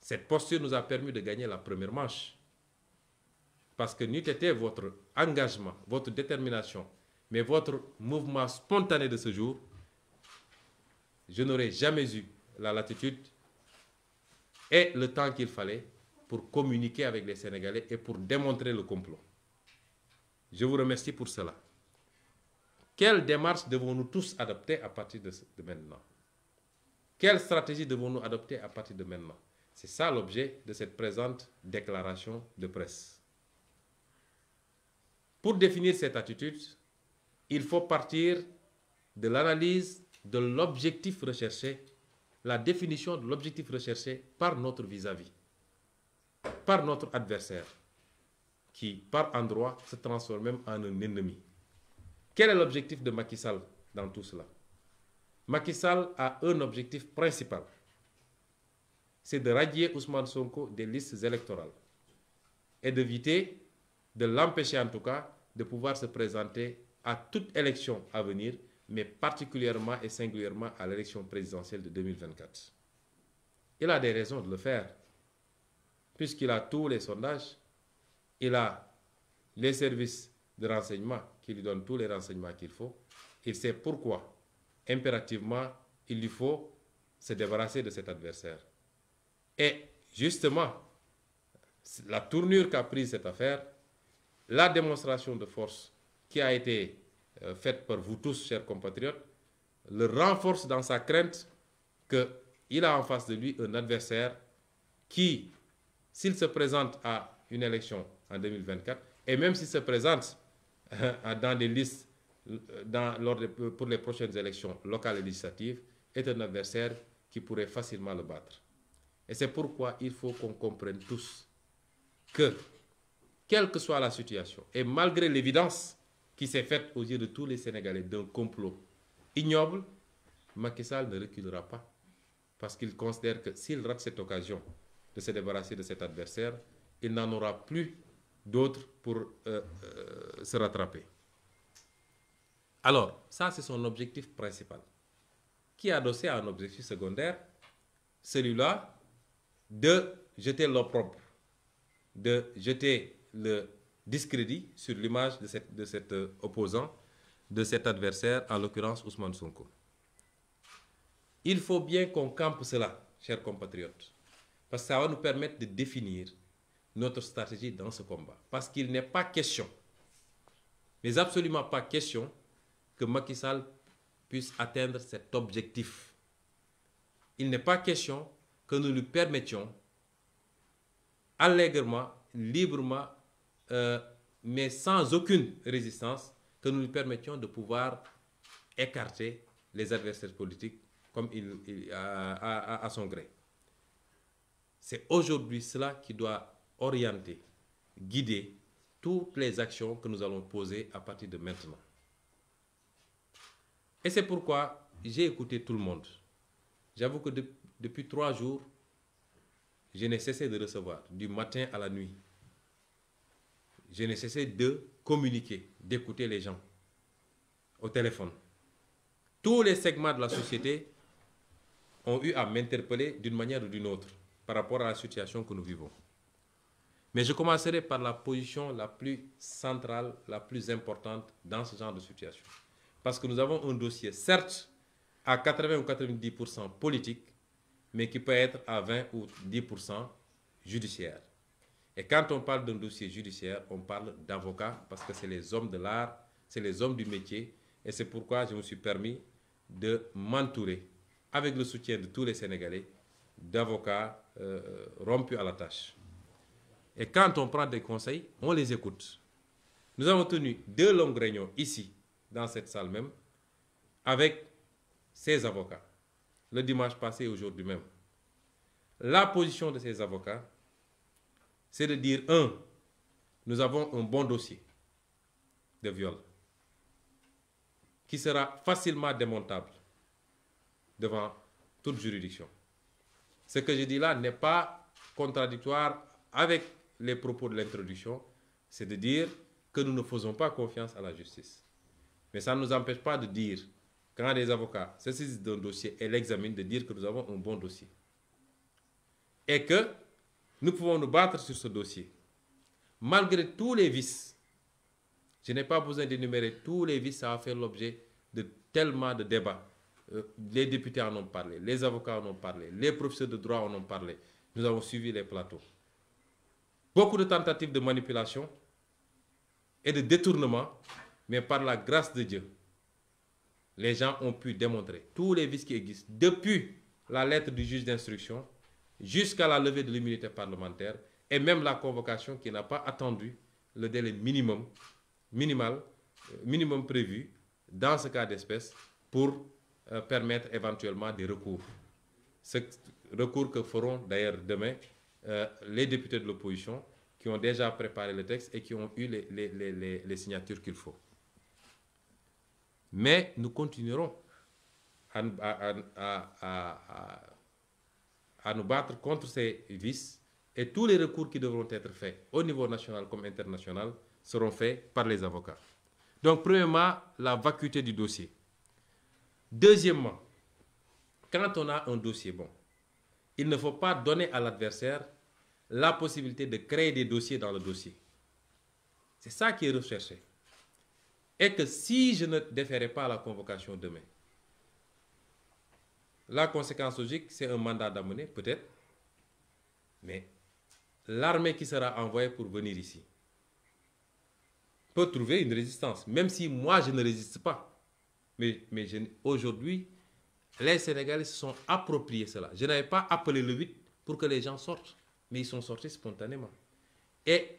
Cette posture nous a permis de gagner la première manche. parce que n'eût été votre engagement, votre détermination, mais votre mouvement spontané de ce jour, je n'aurais jamais eu la latitude et le temps qu'il fallait pour communiquer avec les Sénégalais et pour démontrer le complot. Je vous remercie pour cela. Quelle démarche devons-nous tous adopter à partir de, maintenant Quelle stratégie devons-nous adopter à partir de maintenant C'est ça l'objet de cette présente déclaration de presse. Pour définir cette attitude, il faut partir de l'analyse de l'objectif recherché, la définition de l'objectif recherché par notre vis-à-vis, par notre adversaire, qui par endroit se transforme même en un ennemi. Quel est l'objectif de Macky Sall dans tout cela Macky a un objectif principal, c'est de radier Ousmane Sonko des listes électorales et d'éviter de l'empêcher en tout cas de pouvoir se présenter à toute élection à venir, mais particulièrement et singulièrement à l'élection présidentielle de 2024. Il a des raisons de le faire, puisqu'il a tous les sondages, il a les services de renseignement qui lui donnent tous les renseignements qu'il faut. Il sait pourquoi, impérativement, il lui faut se débarrasser de cet adversaire. Et justement, la tournure qu'a prise cette affaire la démonstration de force qui a été euh, faite par vous tous, renforce dans sa crainte qu'il a en face de lui un adversaire s'il se présente à une élection en 2024, et même s'il se présente euh, dans des listes euh, dans, lors pour les prochaines élections locales et législatives, est un adversaire qui pourrait facilement le battre. Et c'est il faut qu'on comprenne quelle que soit la situation, et malgré l'évidence qui s'est faite aux yeux de tous les Sénégalais d'un complot ignoble, Macky Sall ne reculera pas parce qu'il considère que s'il rate cette occasion de se débarrasser de cet adversaire, il n'en aura plus d'autres pour euh, euh, se rattraper. Alors, ça, c'est son objectif principal, qui est à un objectif secondaire, celui-là de jeter l'opprobre, de jeter le discrédit sur l'image de, cette, de cet euh, opposant, de cet adversaire, en l'occurrence Ousmane Sonko. Il faut bien qu'on campe cela, chers compatriotes, parce que ça va nous permettre de définir notre stratégie dans ce combat. Parce qu'il n'est pas question, mais absolument pas question, que Macky Sall puisse atteindre cet objectif. Il n'est pas question que nous lui permettions allègrement, librement, euh, mais sans aucune résistance, que nous lui permettions de pouvoir écarter les adversaires politiques comme il, il à, à, à son gré. C'est aujourd'hui cela qui doit orienter, guider toutes les actions que nous allons poser à partir de maintenant. Et c'est pourquoi j'ai écouté tout le monde. J'avoue que depuis trois jours, je n'ai cessé de recevoir, du matin à la nuit, je n'ai cessé de communiquer, d'écouter les gens au téléphone. Tous les segments la société ont eu à m'interpeller d'une manière ou par rapport à la situation Mais je commencerai par la position la plus centrale, la plus importante dans ce genre de que nous avons un dossier, certes, à 80 ou 90% politique, mais qui peut être à 20 ou 10% judiciaire. Et quand on parle d'un dossier judiciaire, on parle d'avocats parce que c'est les hommes de l'art, c'est les hommes du métier. Et c'est pourquoi je me suis permis de m'entourer, avec le soutien de tous les Sénégalais, d'avocats euh, euh rompus à la tâche. Et quand on prend des conseils, on les écoute. Nous avons tenu deux longues réunions ici, dans cette salle même, avec ces avocats, le dimanche passé et aujourd'hui même. La position de ces avocats c'est de dire un nous avons un bon dossier de viol qui sera facilement démontable devant toute juridiction. Ce que je dis là n'est pas contradictoire avec les propos de l'introduction, c'est de dire que nous ne faisons pas confiance à la justice. Mais ça ne nous empêche pas de dire, quand des avocats se saisissent d'un dossier et l'examinent, de dire que nous avons un bon dossier. Et que Nous pouvons nous battre sur ce dossier. Malgré tous les vices, je n'ai pas besoin d'énumérer tous les vices, ça a fait l'objet de tellement de débats. Euh, les députés en ont parlé, les avocats en ont parlé, les professeurs de droit en ont parlé. Nous avons suivi les plateaux. Beaucoup de tentatives de manipulation et de détournement, mais par la grâce de Dieu, les gens ont pu démontrer tous les vices qui existent depuis la lettre du juge d'instruction jusqu'à la levée de l'immunité parlementaire et même la convocation qui n'a pas attendu le délai minimum, minimal, euh, minimum prévu dans ce cas d'espèce pour euh, permettre éventuellement des recours. Ce recours que feront d'ailleurs demain euh, les députés de l'opposition qui ont déjà préparé le texte et qui ont eu les, les, les, les signatures qu'il faut. Mais nous continuerons à, à à nous battre contre ces vices et tous les recours qui devront être faits au niveau national comme international seront faits par les avocats. Donc, premièrement, la vacuité du dossier. Deuxièmement, quand on a un dossier bon, il ne faut pas donner à l'adversaire la possibilité de créer des dossiers dans le dossier. C'est ça qui est recherché. Et que si je ne déférais pas la convocation demain, La conséquence logique, c'est un mandat d'amener, peut-être, mais l'armée qui sera envoyée pour venir ici peut trouver une résistance, même si moi je ne résiste pas. Mais, mais aujourd'hui, les Sénégalais se sont appropriés cela. Je n'avais pas appelé le 8 pour que les gens sortent, mais ils sont sortis spontanément. Et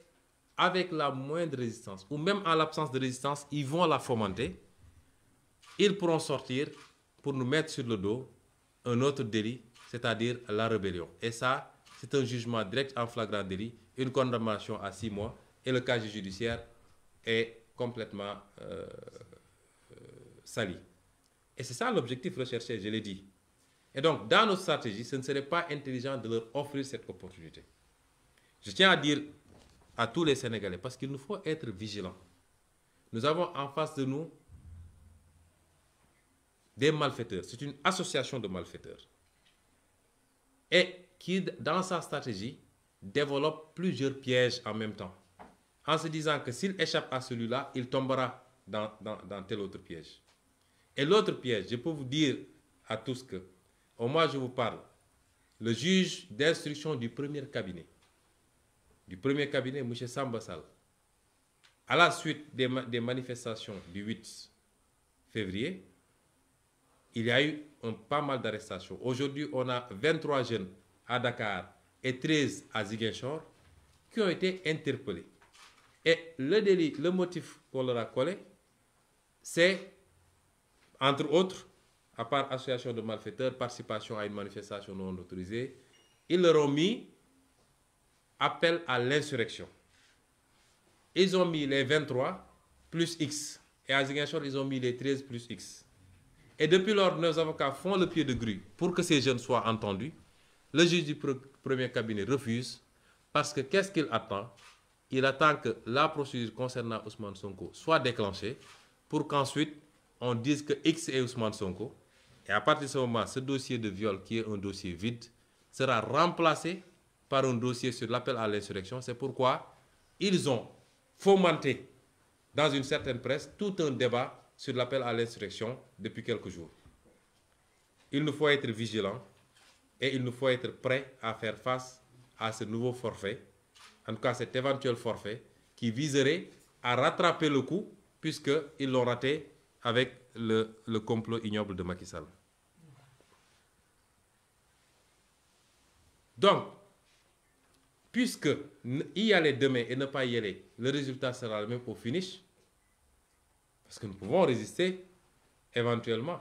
avec la moindre résistance, ou même en l'absence de résistance, ils vont la fomenter. Ils pourront sortir pour nous mettre sur le dos un autre délit, c'est-à-dire la rébellion. Et ça, c'est un jugement direct en flagrant délit, une condamnation à six mois, et le cas judiciaire est complètement euh, euh, sali. Et c'est ça l'objectif recherché, je l'ai dit. Et donc, dans notre stratégie, ce ne serait pas intelligent de leur offrir cette opportunité. Je tiens à dire à tous les Sénégalais, parce qu'il nous faut être vigilants. Nous avons en face de nous des malfaiteurs. C'est une association de malfaiteurs. Et qui, dans sa stratégie, développe plusieurs pièges en même temps. En se disant que s'il échappe à celui-là, il tombera dans, dans, dans, tel autre piège. Et l'autre piège, je peux vous dire à tous que, au moins je vous parle, le juge d'instruction du premier cabinet, du premier cabinet, M. Sambassal, à la suite des, des manifestations du 8 février, il y a eu un, pas mal d'arrestations. Aujourd'hui, on a 23 jeunes à Dakar et 13 à Ziguinchor qui ont été interpellés. Et le le motif qu'on leur a collé, c'est, entre autres, à part association de malfaiteurs, participation à une manifestation non autorisée, ils leur ont mis appel à l'insurrection. Ils ont mis les 23 plus X. Et à Ziguinchor, ils ont mis les plus X. Et depuis lors, nos avocats font le pied de grue pour que ces jeunes soient entendus. Le juge du premier cabinet refuse parce que qu'est-ce qu'il attend Il attend que la procédure concernant Ousmane Sonko soit déclenchée pour qu'ensuite on dise que X est Ousmane Sonko. Et à partir de ce moment, ce dossier de viol qui est un dossier vide sera remplacé par un dossier sur l'appel à l'insurrection. C'est pourquoi ils ont fomenté dans une certaine presse tout un sur l'appel à l'insurrection depuis quelques jours. Il nous faut être vigilants et il nous faut être prêts à faire face à ce nouveau forfait, en tout cas cet éventuel forfait, qui viserait à rattraper le coup puisqu'ils l'ont raté avec le, le, complot ignoble de Macky Sall. Donc, puisque y aller demain et ne pas y aller, le résultat sera le même finish. Parce que nous pouvons résister éventuellement,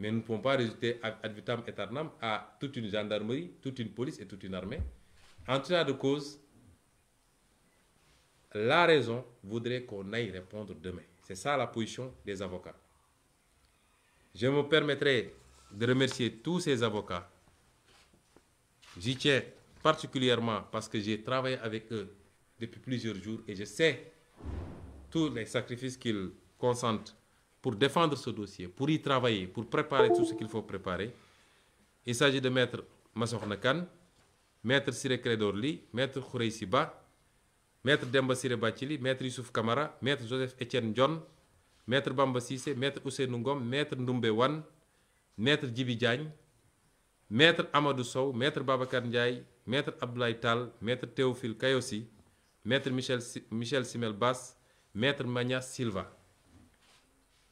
mais nous ne pouvons pas résister ad vitam aeternam à toute une gendarmerie, toute une police et toute une armée. En tout cas de cause, la raison voudrait qu'on aille répondre demain. C'est ça la position des avocats. Je me permettrai de remercier tous ces avocats. J'y tiens particulièrement parce que j'ai travaillé avec eux depuis plusieurs jours et je sais tous les sacrifices concentre pour defendre ce dossier, pour y travailler, pour préparer tout ce qu'il préparer. Il s'agit de Maître Massokhna Kane, Maître Siré Clédor Ly, Maître Khoureysi Ba, Maître Demba Siré Bathily, Maître Youssouf Kamara, Maître Joseph Étienne Dione, Maître Bamba Cissé, Maître Ousseynou Ngom, Maître Ndoumbe Wane, Maître Djibi Diagne, Amadou Sow, Maître Babacar Ndiaye, Maître Abdoulaye Tall, Maître Théophile Kayosi, Maître Michel Michel Simel Bass, Maître Magna Silva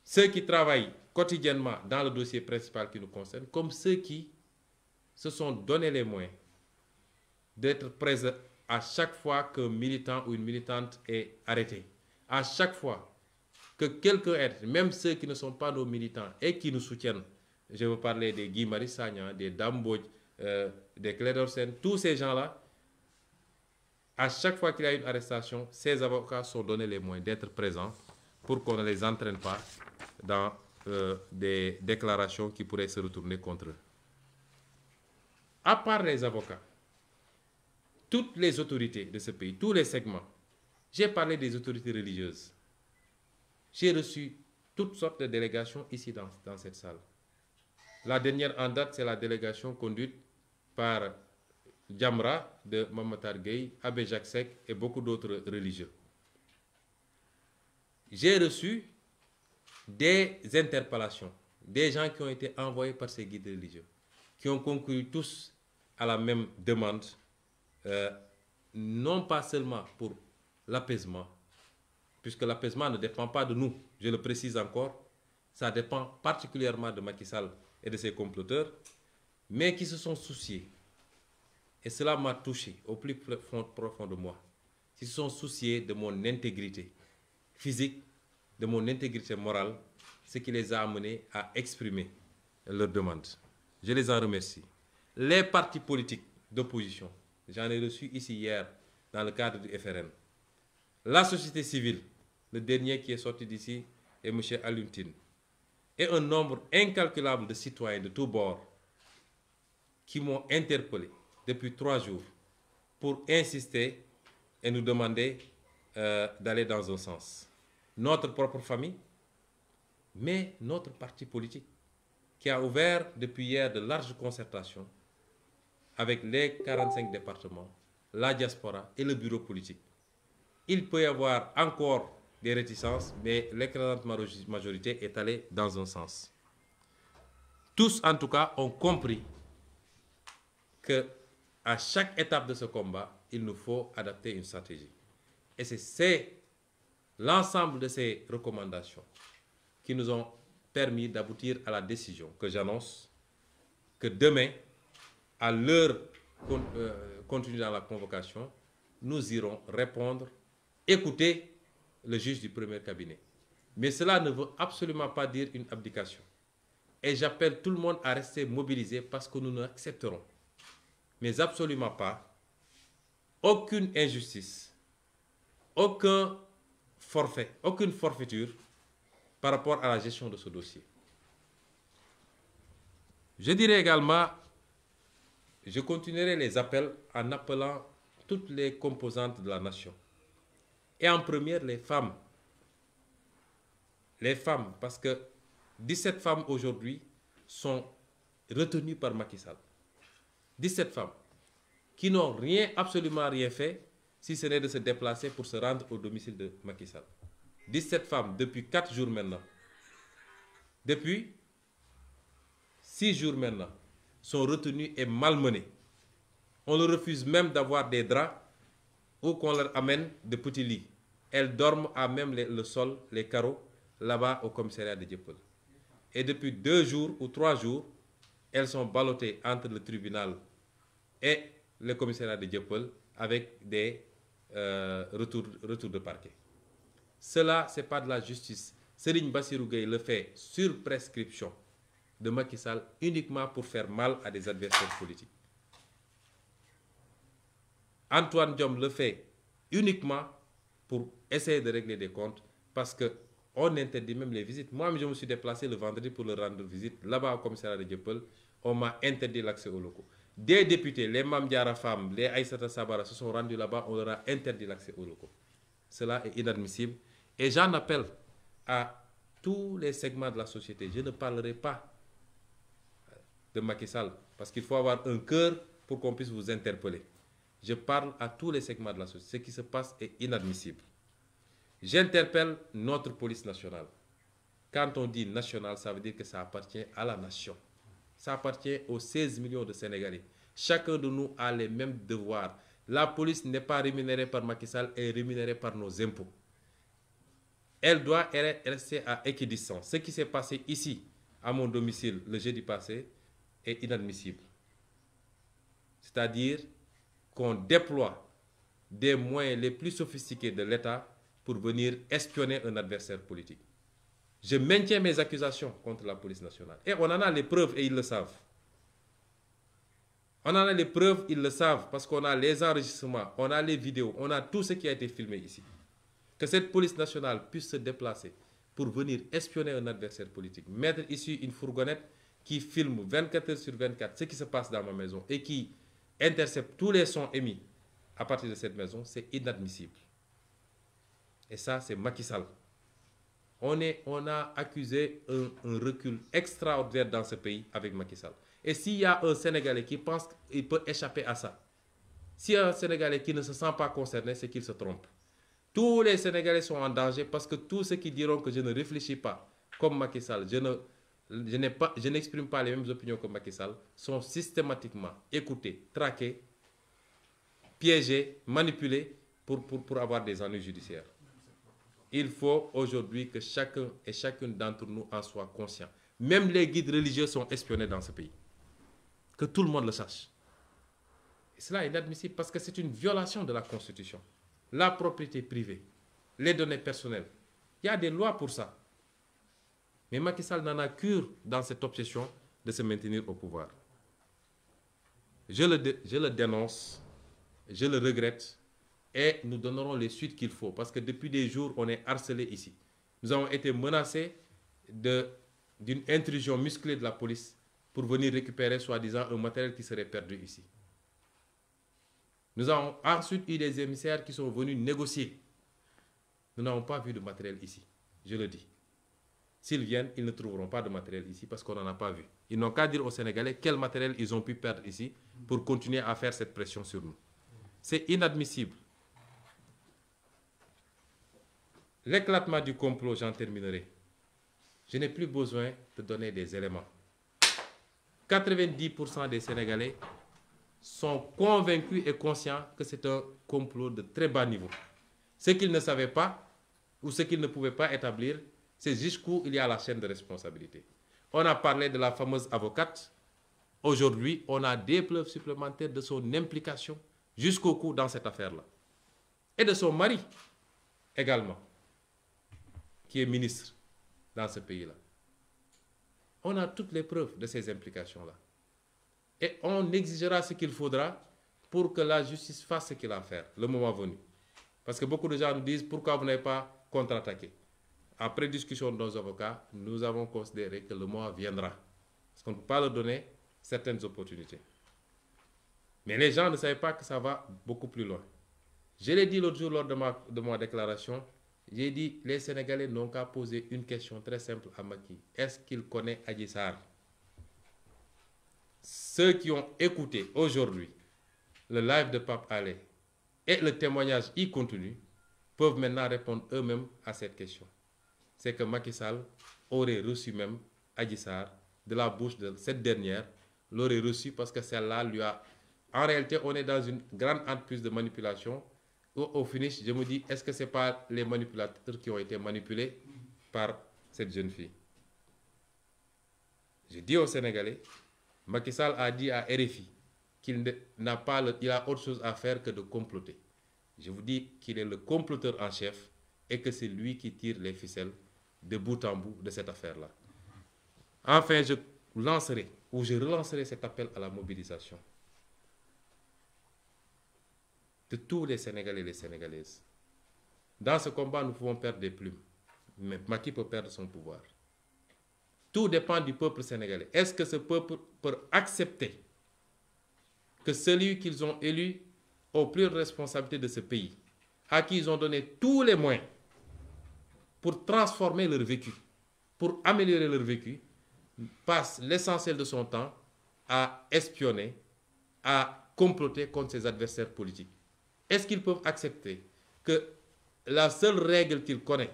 ceux qui travaillent quotidiennement dans le dossier principal qui nous concerne, comme ceux qui se sont donnés les moyens d'être présents à chaque fois qu'un militant ou une militante est arrêté, à chaque fois que quelqu'un est, même ceux qui ne sont pas nos militants et qui nous soutiennent, je veux parler des Guy Marissagna, des Damboj, euh, des Clédorsen, tous ces gens-là, à chaque fois qu'il y a une arrestation, ces avocats sont donnés les moyens d'être pour qu'on ne les entraîne pas dans euh, des déclarations qui pourraient se retourner contre eux. À part les avocats, toutes les autorités de ce pays, tous les segments, j'ai parlé des autorités religieuses. J'ai reçu toutes sortes de délégations ici dans, dans cette salle. La dernière en date, c'est la délégation conduite par Djamra de Mamatar Gueye, Abbé Jacques Sec et beaucoup d'autres religieux. j'ai reçu des interpellations, des gens qui ont été envoyés par ces guides religieux, qui ont conclu tous à la même demande, euh, non pas seulement pour l'apaisement, puisque l'apaisement ne dépend pas de nous, je le précise encore, ça dépend particulièrement de Macky Sall et de ses comploteurs, mais qui se sont souciés, et cela m'a touché au plus profond de moi, qui se sont souciés de mon intégrité, physique, de mon intégrité morale, ce qui les a amenés à exprimer leurs demande Je les en remercie. Les partis politiques d'opposition, j'en ai reçu ici hier dans le cadre du FRN. La société civile, le dernier qui est sorti d'ici et M. Aluntine. Et un nombre incalculable de citoyens de tous bords qui m'ont interpellé depuis trois jours pour insister et nous demander euh, d'aller dans un sens. notre propre famille, mais notre parti politique, qui a ouvert depuis hier de larges concertations avec les 45 départements, la diaspora et le bureau politique. Il peut y encore des réticences, mais l'écrasante majorité est allée dans un sens. Tous, en tout cas, ont compris que à chaque étape de ce combat, faut adapter une l'ensemble de ces recommandations qui nous ont permis d'aboutir à la décision que j'annonce que demain, à l'heure euh, continue dans la convocation, nous irons répondre, écouter le juge du premier cabinet. Mais cela ne veut absolument pas dire une abdication. Et j'appelle tout le monde à rester mobilisé parce que nous n'accepterons, mais absolument pas, aucune injustice, aucun forfait, aucune forfaiture par rapport à la gestion de ce dossier. Je dirais également, je continuerai les appels en appelant toutes les composantes de la nation. Et en première, les femmes. Les femmes, parce que 17 femmes aujourd'hui sont retenues par Macky Sall. 17 femmes qui n'ont rien, absolument rien fait ci ce n'est de se déplacer pour se rendre au domicile de Macky Sall. 17 femmes depuis 4 jours maintenant, depuis 6 jours maintenant, sont retenues et malmenées. On le refuse même d'avoir des draps ou qu'on leur amène de petits lits. Elles dorment à même les, le sol, les carreaux, là-bas au commissariat de Dieppel. Et depuis deux jours ou trois jours, elles sont ballottées entre le tribunal et le commissariat de Dieppel avec des euh, retour, retour de parquet. Cela, ce n'est pas de la justice. Serigne basiru Gueye le fait sur prescription de Macky Sall uniquement pour faire mal à des adversaires politiques. Antoine Diom le fait uniquement pour essayer de régler des comptes parce que on interdit même les visites. Moi, je me suis déplacé le vendredi pour leur rendre visite là-bas au commissariat de Dieppel. On m'a interdit l'accès aux locaux. Des députés, les mam Mamdiara femmes, les Aïssata Sabara se sont rendus là-bas, on leur a interdit l'accès aux locaux. Cela est inadmissible. Et j'en appelle à tous les segments de la société. Je ne parlerai pas de Macky Sall, parce qu'il faut avoir un cœur pour qu'on puisse vous interpeller. Je parle à tous les segments de la société. Ce qui se passe est inadmissible. J'interpelle notre police nationale. Quand on dit nationale, ça veut dire que ça appartient à ça appartient aux 16 millions de Sénégalais. Chacun de nous a les mêmes devoirs. La police n'est pas rémunérée par Macky Sall, elle est rémunérée par nos impôts. Elle doit rester à équidistance. Ce qui s'est passé ici, à mon domicile, le jeudi passé, est inadmissible. C'est-à-dire qu'on déploie des moyens les plus sophistiqués de l'État pour venir espionner un adversaire politique. Je maintiens mes accusations contre la police nationale. Et on en a les preuves et ils le savent. On en a les preuves, ils le savent, parce qu'on a les enregistrements, on a les vidéos, on a tout ce qui a été filmé ici. Que cette police nationale puisse se déplacer pour venir espionner un adversaire politique, mettre ici une fourgonnette qui filme 24 heures sur 24 ce qui se passe dans ma maison et qui intercepte tous les sons émis à partir de maison, c'est inadmissible. Et ça, c'est Macky on, est, a accusé un, un, recul extraordinaire dans ce pays avec Macky Sall. Et s'il y a un Sénégalais qui pense qu'il peut échapper à ça, s'il y a un Sénégalais qui ne se sent pas concerné, c'est qu'il se trompe. Tous les Sénégalais sont en danger parce que tous ceux qui diront que je ne réfléchis pas comme Macky Sall, je ne je n'exprime pas, pas les mêmes opinions que Macky Sall, sont systématiquement écoutés, traqués, piégés, manipulés pour, pour, pour avoir des ennuis judiciaires. il faut aujourd'hui que chacun et chacune d'entre nous en soit conscient. Même les guides religieux sont espionnés dans ce pays. Que tout le monde le sache. Et cela est inadmissible parce que c'est une violation de la Constitution. La propriété privée, les données personnelles. Il y a des lois pour ça. Mais Macky Sall n'en a cure dans cette obsession de se maintenir au pouvoir. Je le, je le dénonce, je le regrette, et nous donnerons les suites qu'il faut. Parce que depuis des jours, on est harcelé ici. Nous avons été menacés d'une intrusion musclée de la police pour venir récupérer soi-disant un matériel qui serait perdu ici. Nous avons ensuite eu des émissaires qui sont venus négocier. Nous n'avons pas vu de matériel ici, je le dis. S'ils viennent, ils ne trouveront pas de matériel ici parce qu'on n'en a pas vu. Ils n'ont qu'à dire aux Sénégalais quel matériel ils ont pu perdre L'éclatement du complot, j'en terminerai. Je n'ai plus besoin de donner des éléments. 90% des Sénégalais sont convaincus et conscients que c'est un complot de très bas niveau. Ce qu'ils ne savaient pas ou ce qu'ils ne pouvaient pas établir, c'est jusqu'où il y a la chaîne de responsabilité. On a parlé de la fameuse avocate. Aujourd'hui, on a des preuves supplémentaires de son implication jusqu'au cou dans cette affaire-là. Et de son mari également. qui est ministre dans ce pays-là. On a toutes les preuves de ces implications-là. Et on exigera ce qu'il faudra pour que la justice fasse ce qu'il a faire, le moment venu. Parce que beaucoup de gens nous disent pourquoi vous n'avez pas contre-attaqué. Après discussion de nos avocats, nous avons considéré que le mois viendra. Parce qu'on ne peut pas leur donner certaines opportunités. Mais les gens ne savaient pas que ça va beaucoup plus loin. Je l'ai dit J'ai les Sénégalais non qu'à posé une question très simple à Maki. Est-ce qu'il connaît Adjissar Ceux qui ont écouté aujourd'hui le live de Pape Allais et le témoignage y contenu peuvent maintenant répondre eux-mêmes à cette question. C'est que Macky Sall aurait reçu même Adjissar de la bouche de cette dernière, l'aurait reçu parce que celle-là lui a... En réalité, on est dans une grande entreprise de manipulation au, au finish, je me dis, est-ce que ce n'est pas les manipulateurs qui ont été manipulés par cette jeune fille Je dis aux Sénégalais, Macky a dit à RFI qu'il n'a pas le, il a autre chose à faire que de comploter. Je vous dis qu'il est le comploteur en chef et que c'est lui qui tire les ficelles de bout en bout de cette affaire-là. Enfin, je lancerai ou je relancerai cet appel à la mobilisation. de tous les Sénégalais et les Sénégalaises. Dans ce combat, nous pouvons perdre des plumes, mais Macky peut perdre son pouvoir. Tout dépend du peuple sénégalais. Est-ce que ce peuple peut accepter que celui qu'ils ont élu aux plus de responsabilités de ce pays, à qui ils ont donné tous les moyens pour transformer leur vécu, pour améliorer leur vécu, passe l'essentiel de son temps à espionner, à comploter contre ses adversaires politiques Est-ce qu'ils peuvent accepter que la seule règle qu'ils connaissent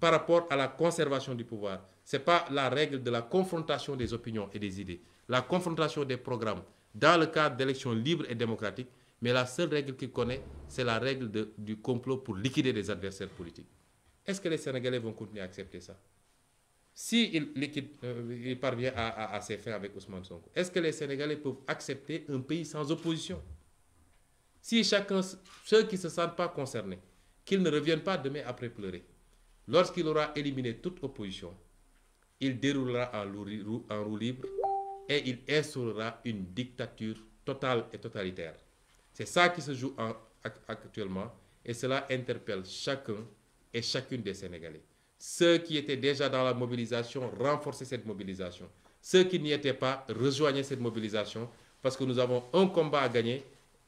par rapport à la conservation du pouvoir, ce n'est pas la règle de la confrontation des opinions et des idées, la confrontation des programmes dans le cadre d'élections libres et démocratiques, mais la seule règle qu'ils connaissent, c'est la règle de, du complot pour liquider des adversaires politiques. Est-ce que les Sénégalais vont continuer à accepter ça S'il si euh, il parvient à, à, à ses fins avec Ousmane Sonko, ce que les Sénégalais peuvent accepter un Si chacun, ceux qui ne se sentent pas concernés, qu'ils ne reviennent pas demain après pleurer. Lorsqu'il aura éliminé toute opposition, il déroulera en roue libre et il instaurera une dictature totale et totalitaire. C'est ça qui se joue en, actuellement et cela interpelle chacun et chacune des Sénégalais. Ceux qui étaient déjà dans la mobilisation, renforcez cette mobilisation. Ceux qui n'y étaient pas, rejoignez cette mobilisation parce que nous avons un combat à gagner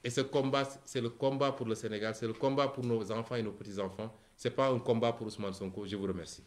Et ce combat, c'est le combat pour le Sénégal, c'est le combat pour nos enfants et nos petits-enfants. Ce n'est pas un combat pour Ousmane Sonko. Je vous remercie.